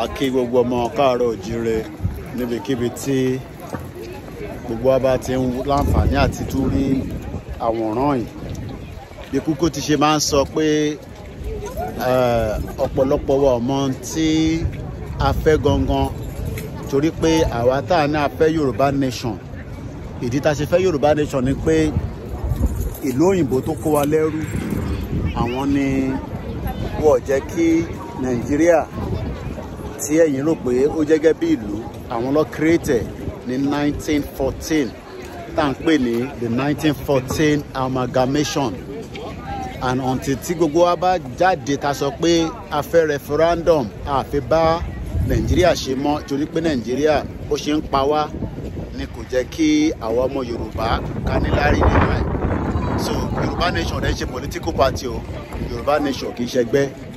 àkí gbogbo ọmọ káàárọ̀ òjíire níbikíbi tí gbogbo wa bá ti ń láǹfààní àti tún rí àwòrán yìí bí kúkú ti ṣe máa ń sọ pé ọ̀pọ̀lọpọ̀ wa ọmọ tí a fẹ́ gangan torí pé àwa tá a ní a fẹ́ Yorùbá nation ìdí tá a ṣe fẹ́ Yorùbá nation ni pé ìlú òyìnbó tó kó wa lẹ́rú àwọn ni wọ́n jẹ́ kí Nàìjíríà tí ẹ̀yin rò pé ó jẹ́ gẹ́gẹ́ bí ìlú àwọn ló create ní 1914 tá à ń pè ní the 1914 amalgamation and until tí gbogbo wa bá jáde ta sọ pé a fẹ́ referendum a fi bá nàìjíríà ṣe mọ́ torí pé nàìjíríà ó ṣe ń pa wá ni kò jẹ́ kí àwọn ọmọ yorùbá ká níláárí nínú ẹ̀ so yorùbá nation rẹ̀ ṣe political party o yorùbá nation kì í ṣẹgbẹ́